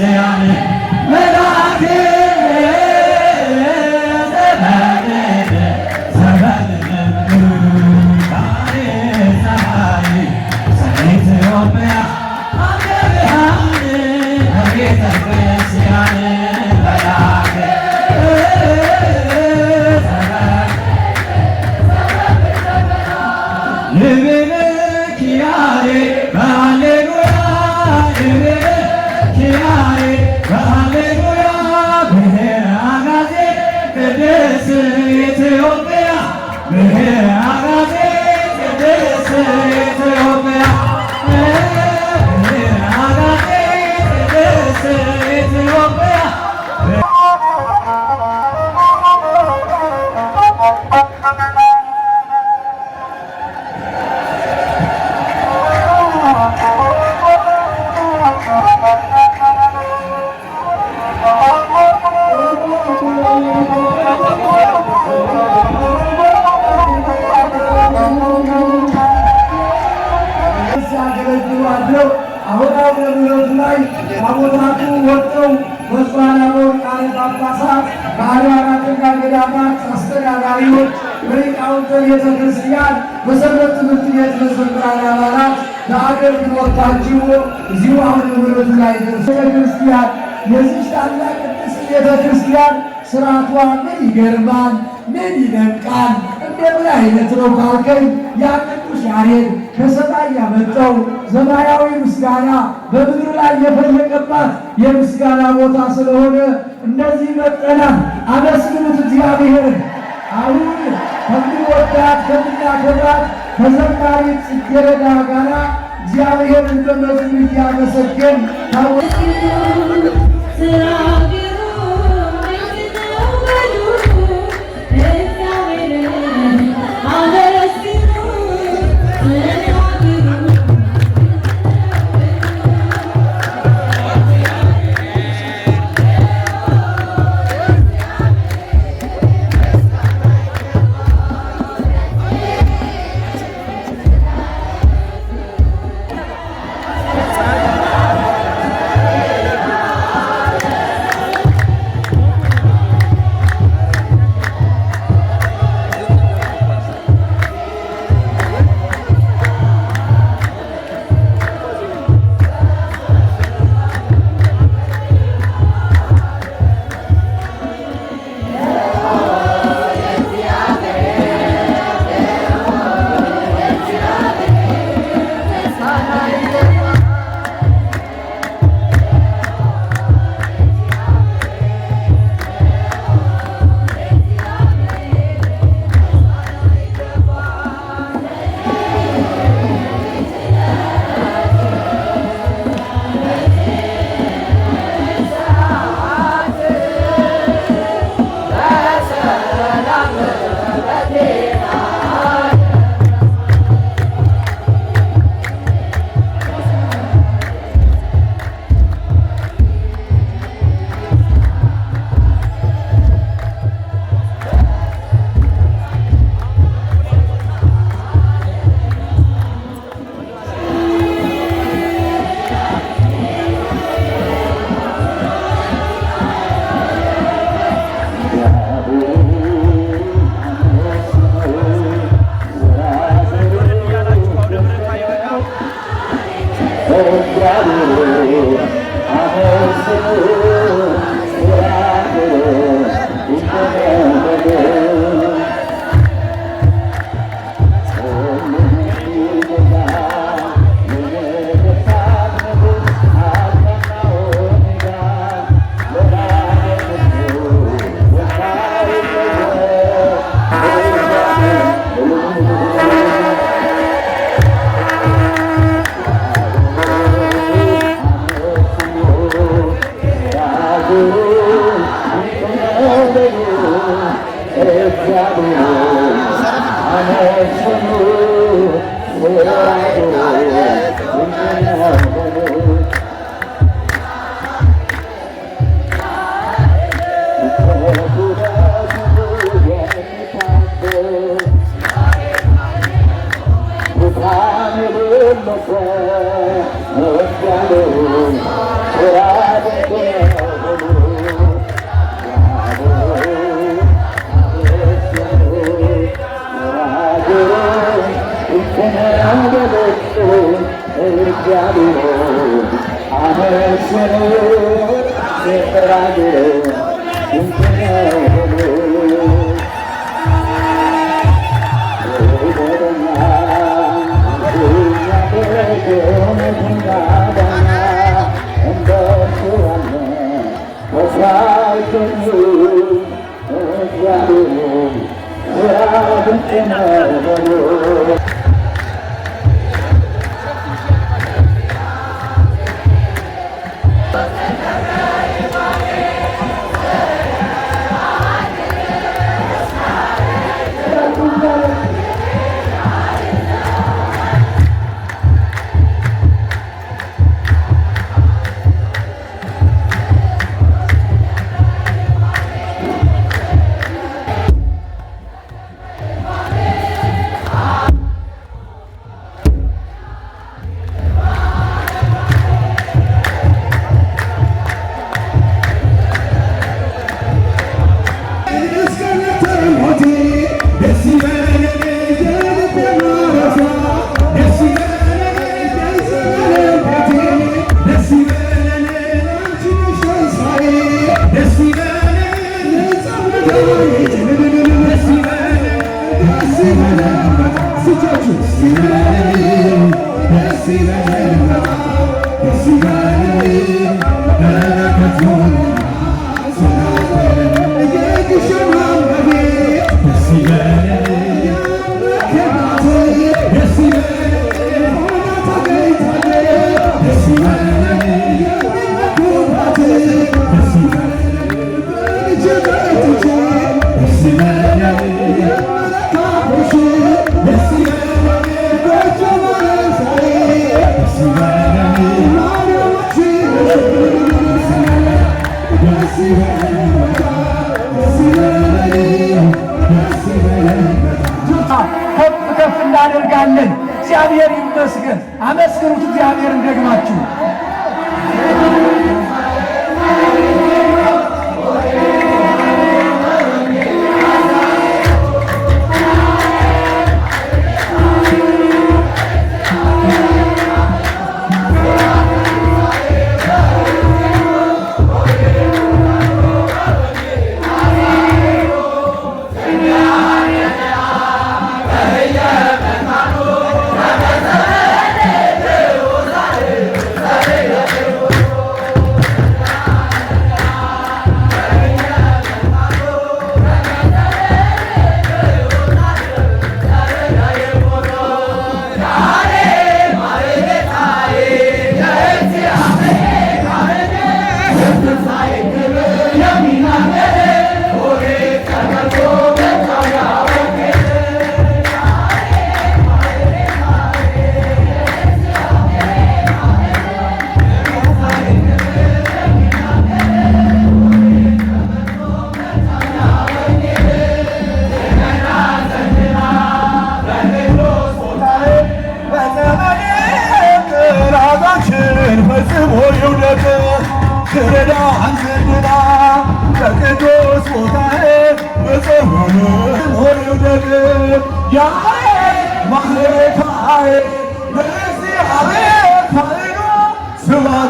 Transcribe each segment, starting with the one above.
Messianic ሲያገኝ ያ ቅዱስ ያሬድ ከሰማይ ያመጣው ዘማያዊ ምስጋና በምድር ላይ የፈለቀባት የምስጋና ቦታ ስለሆነ እንደዚህ መጠናት አመስግኑት እግዚአብሔር። አሁን ከምንወዳት ከምናከብራት ከዘማሪ ጽጌረዳ ጋራ እግዚአብሔርን በመዝሙር እያመሰገን ስራግ Oh.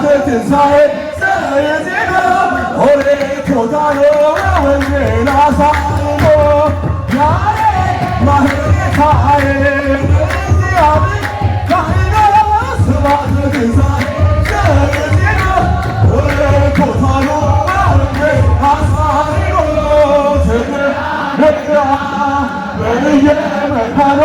እናት ትንሣኤ ሰየዜነ ሆሬ ቶታሎ ወንጌል አሳይኖ ያሬ ማህሌታዬ ያብ ካይኖ ስብሐት ትንሣኤ ሰየዜነ ሆሬ ቶታሎ ወንጌል አሳይኖ ትግራ ነግራ በልየ መካኖ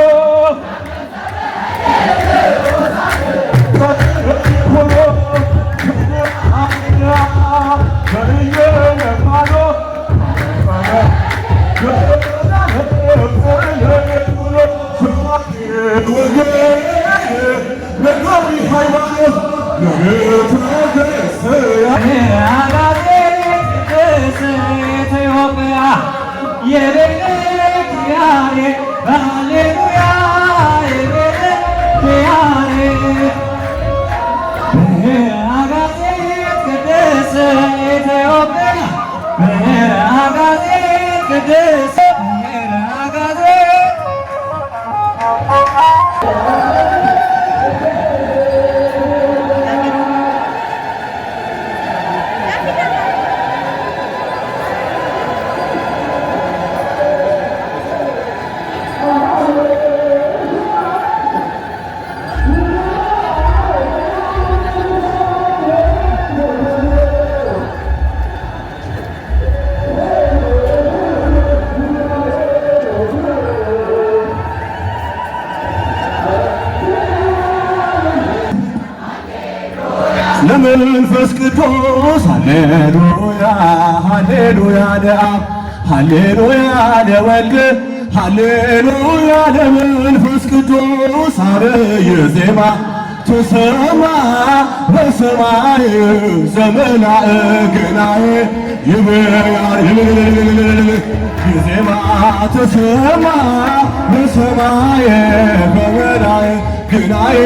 ሃይማኖት ሃሌሉያ ሃሌሉያ ለአብ ሃሌሉያ ለወልድ ሃሌሉያ ለመንፈስ ቅዱስ አርየ ዜማ ትሰማ በሰማይ ዘመናእ ገናዬ ይበያር ትሰማ በሰማይ በመናእ ገናዬ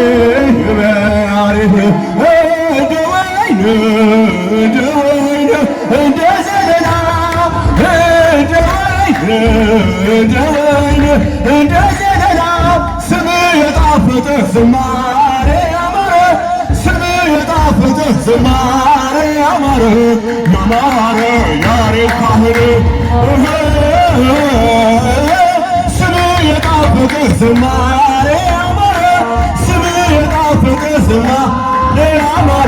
ይበያር ስም ስም ስም ስም የጣፈጠ የጣፈጠ የጣፈጠ ዝማሬ ያማረ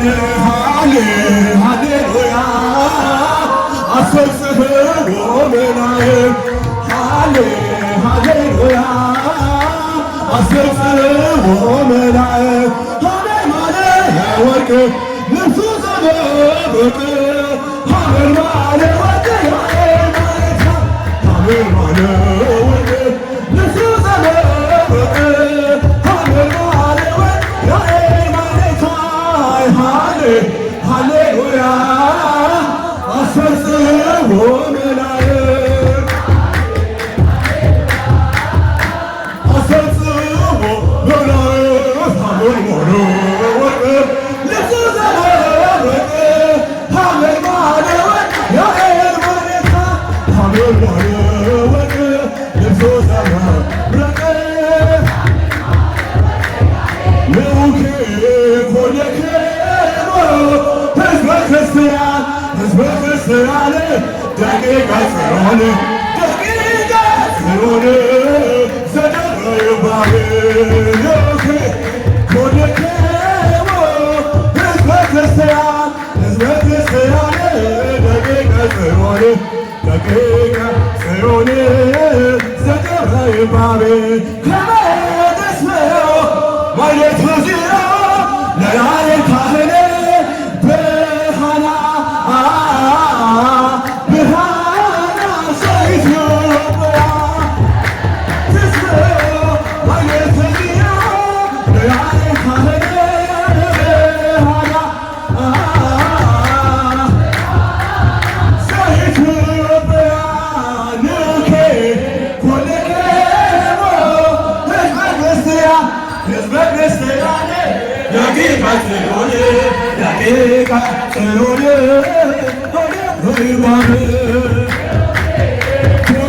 할렐루야 할렐루야 아서서 흐르나네 할렐 할렐루야 아서서 흐르나네 하늘만의 월급 눈수저도 불빛 하늘만의 월급 하늘만의 월급 눈수저도 불빛 ስራለ ደቂቀ ስለሆነ ደቂቀ ስለሆነ ዘደረባል ኮደከሞ ህዝበ ክርስቲያን ህዝበ ክርስቲያን kaçırıyor Hırmanı Hırmanı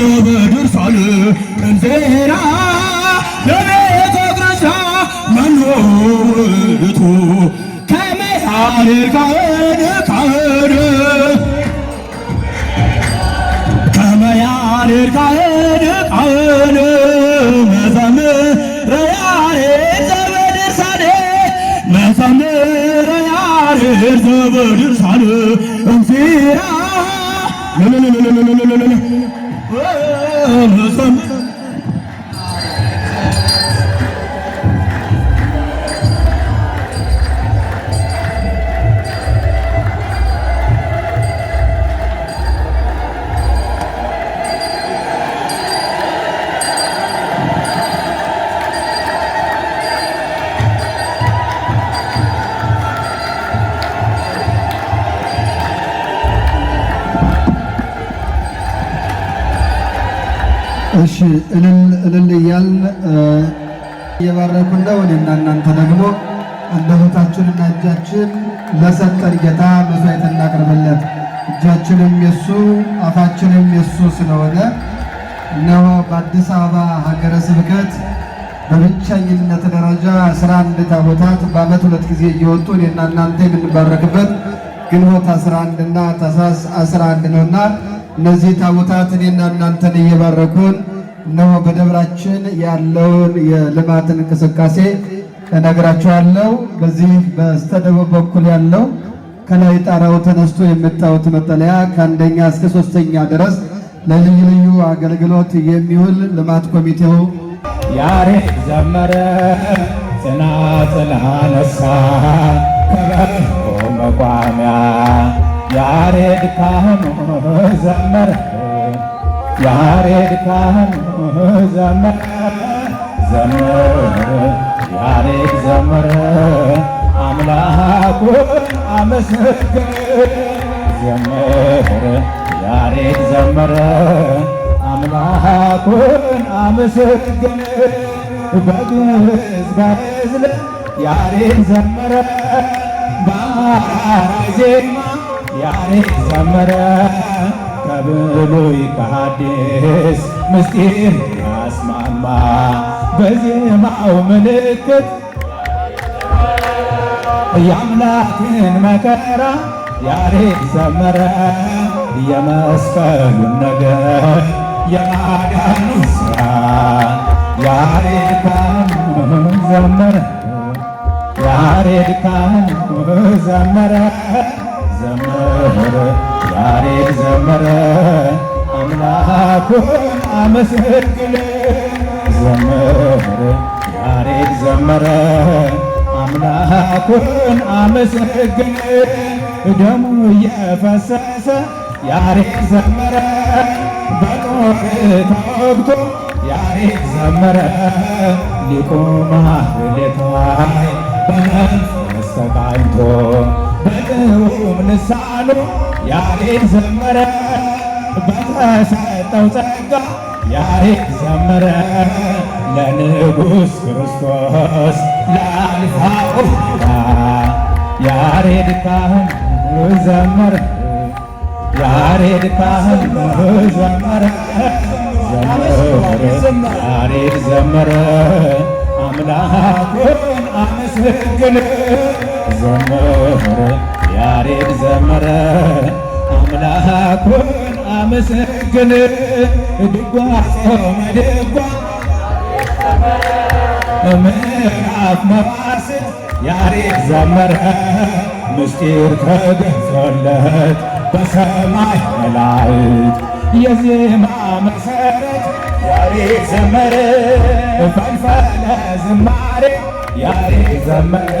ጉዞ በድርሳን እንዜራ ለቤተ ክርስቲያን መኖቱ ከመያሪ ካህን ካህን ካህን ካህን ያሬድ ዘበድርሳን መዘምረ ያሬድ ዘበድርሳን እንዜራ Oh, እየባረኩን ነው። እኔና እናንተ ደግሞ አንደበታችንና እጃችን ለሰጠን ጌታ መስዋዕት እናቅርብለት። እጃችንም የሱ አፋችንም የሱ ስለሆነ እነሆ በአዲስ አበባ ሀገረ ስብከት በብቸኝነት ደረጃ አስራ አንድ ታቦታት በዓመት ሁለት ጊዜ እየወጡ እኔና እናንተ የምንባረክበት ግንቦት አስራ አንድና ታኅሳስ አስራ አንድ ነውና እነዚህ ታቦታት እኔና እናንተን እየባረኩን ነው በደብራችን ያለውን የልማት እንቅስቃሴ እነግራችኋለሁ። በዚህ በስተደቡብ በኩል ያለው ከላይ ጣራው ተነስቶ የምታዩት መጠለያ ከአንደኛ እስከ ሶስተኛ ድረስ ለልዩ ልዩ አገልግሎት የሚውል ልማት ኮሚቴው ያሬድ ዘመረ ጽናጽል አነሳ ከበሮ መቋሚያ ያሬድ ካህኑ ዘመረ ያሬድ ካህን ዘመረ ዘመረ ያሬድ ዘመረ አምላኩን አመስገን ዘመረ ያሬድ ዘመረ አምላኩን አመስገን በግዕዝ በዕዝል ያሬድ ዘመረ በአራራ ያሬድ ዘመረ ብሉይ ከሐዲስ ምስጢር ያስማማ በዜማው ምልክት የአምላክን መከራ ያሬድ ዘመረ የመስቀሉን ነገር የማዳኑ ሥራ ያሬድ ካህኑ ዘመረ ያሬድ ካህኑ ዘመረ ዘመረ ያሬድ ዘመረ አምላኩን አመስግን ዘመረ ያሬድ ዘመረ አምላኩን አመስግን ደሙ እየፈሰሰ ያሬድ ዘመረ በጦር ተወግቶ ያሬድ ዘመረ ሊቁ ማህሌታይ በመንፈስ ተቃኝቶ በቅቡም ልሳኑ ያሬድ ዘመረ በተሰጠው ጸጋ ያሬድ ዘመረ ለንጉሥ ክርስቶስ ለአልፋው ያሬድ ካህን ዘመረ ያሬድ ካህን ዘመረ ያሬድ ዘመረ አምላኩ ምስግን ዘመረ ያሬድ ዘመረ አምላኩን አመስግን ድጓ መድጓ ምዕራፍ መባስ ያሬድ ዘመረ ምስጢር ተገለጸለት በሰማይ መላእክት የዜማ መሰረት ያሬድ ዘመረ ፈልፈለ ዝማሬ ያልዘመረ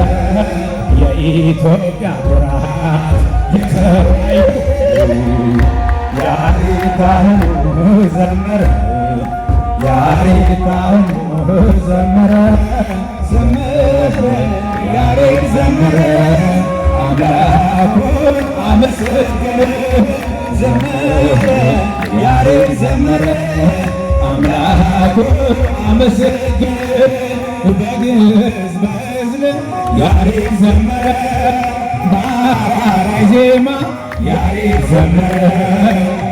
የኢትዮጵያ ኩራት የሰራዊቱ ያሪታህኑ ዘመረ ያሪታህኑ ዘመረ ዘመረ ያሬድ ዘመረ አምላኩን አመስግን ዘመረ ያሬድ ዘመረ አምላኩን አመስግን በግዕዝ በዕዝል ያሬድ ዜማ ያሬድ ዘመረ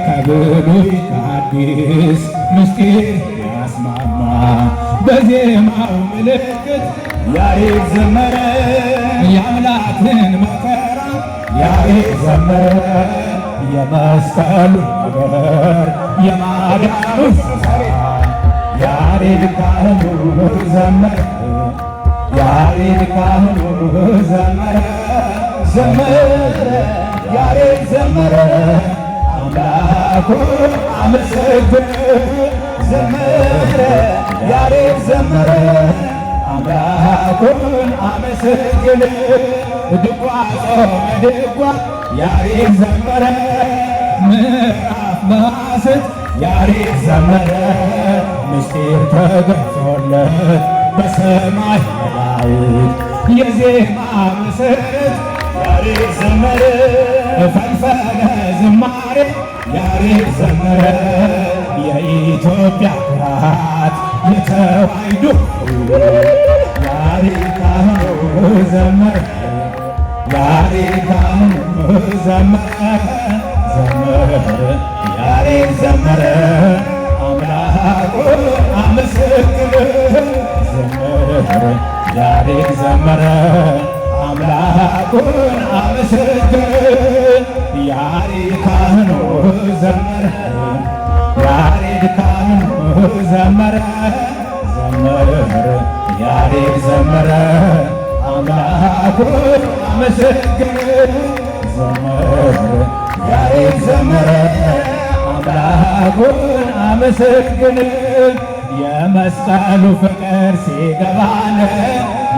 ከብሉይ ከአዲስ ምስጢር ያስማማ በዜማው ምልክት ያሬድ ዘመረ የአምላክን ዘመረ የመስቀሉ ነገር የማዳኑ ያሬድ ካህኑ ዘመረ ያሬድ ካህኑ ዘመረ ዘመረ ያሬድ ዘመረ አምላኩ አመስግን ዘመረ ያሬድ ዘመረ አምላኩን አመስግን ድጓ ድጓ ያሬድ ዘመረ ምዕራፍ መሐሴት ያሬድ ዘመረ ምስጢር ተገልጾለት በሰማይ መላእክት የዜማ መሰረት ያሬድ ዘመረ ፈልፈለ ዝማሬ ያሬድ ዘመረ የኢትዮጵያ ኩራት የተዋሕዶ ያሬድ ካህኑ ዘመረ ያሬድ ካህኑ ዘመረ ዘመረ ያሬድ ዘመረ አምላኩ አመስግን ዘመረ ያሬድ ዘመረ አምላኩን አመስግን ያሬድ ካህኑ ዘመረ ያሬድ ካህኑ ዘመረ ዘመረ ያሬድ ዘመረ አምላኩን አመስግን ዘመረ ያሬድ ዘመረ አምላኩን አመስግን የመስቀሉ ፍቅር ሲገባነ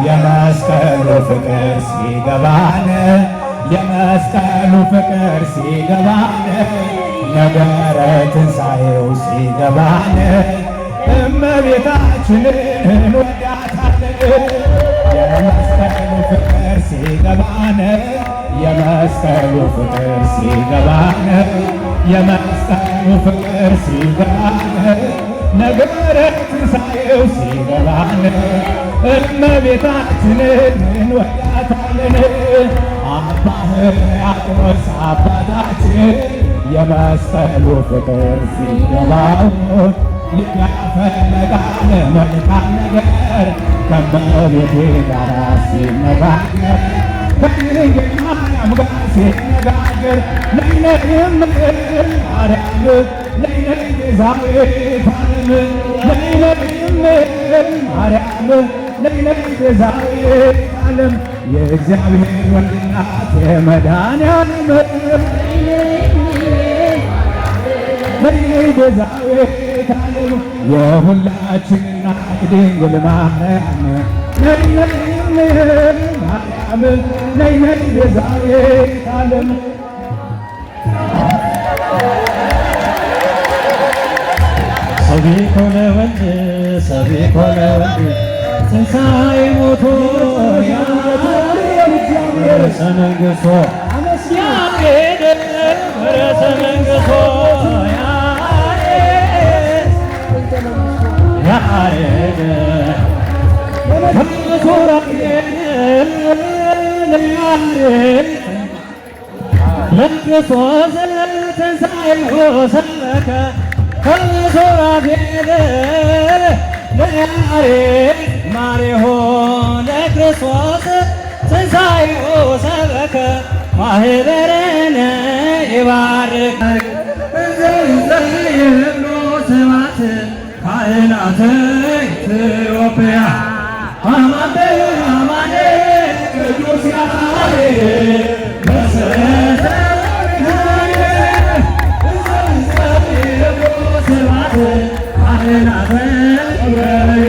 የመስቀሉ ፍቅር ሲገባነ የመስቀሉ ፍቅር ሲገባነ ነገረ ትንሣኤው ሲገባነ እመቤታችንን ወዳታለን የመስቀሉ ፍቅር ሲገባን የመስቀሉ ፍቅር ሲገባን የመስቀሉ ፍቅር ሲገባን ነገረ ትንሣኤው ሲገባን እመቤታችንን እንወዳታለን። አባ ሕርያቆስ አባታችን የመስቀሉ ፍቅር ሲገባን ይጋፈለጋል መልካም ነገር ከመቤቴ ጋር ሲነጋገር ከድንግል ማርያም ጋር ሲነጋገር ለይነይም ማርያም ለይነይ ቤዛዊት ዓለም ለይነይም ማርያም ለይነይ ቤዛዊት ዓለም የእግዚአብሔር ወናት የመድኃኒዓለም ለይነይ ቤዛዊት ካሌብ የሁላችን እናት ድንግል ማርያም ነይ ማርያም ነይ ነይ ቤዛዊተ ዓለም ሰቤኮ ለወልድ ሰቤኮ ትንሣኤ ሞቶ ረሰ መንግሥቶ አረገ ማህበረነ ይባርክ እናት ኢትዮጵያ አማኔ አማኔ ቅዱስ ያሬድ ስብሐት ለእግዚአብሔር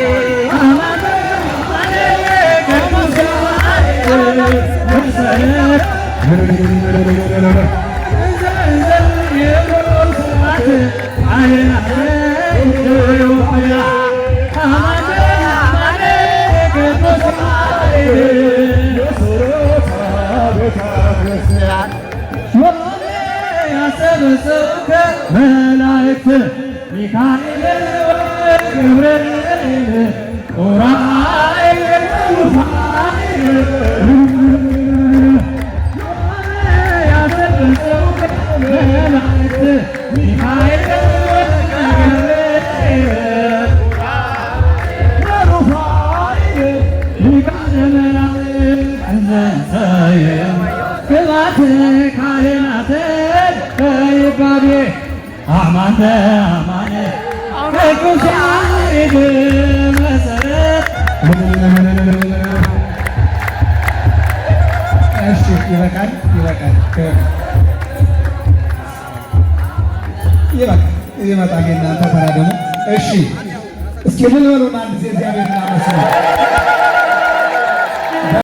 መላእክት ሚካኤል ገብርኤል ኡራኤል ሩፋኤል በአማረ መሰረት ይበቃል፣ ይበቃል፣ ተራ ደግሞ። እሺ እስኪ ልበሉና ጊዜ እግዚአብሔር እናመስግነው።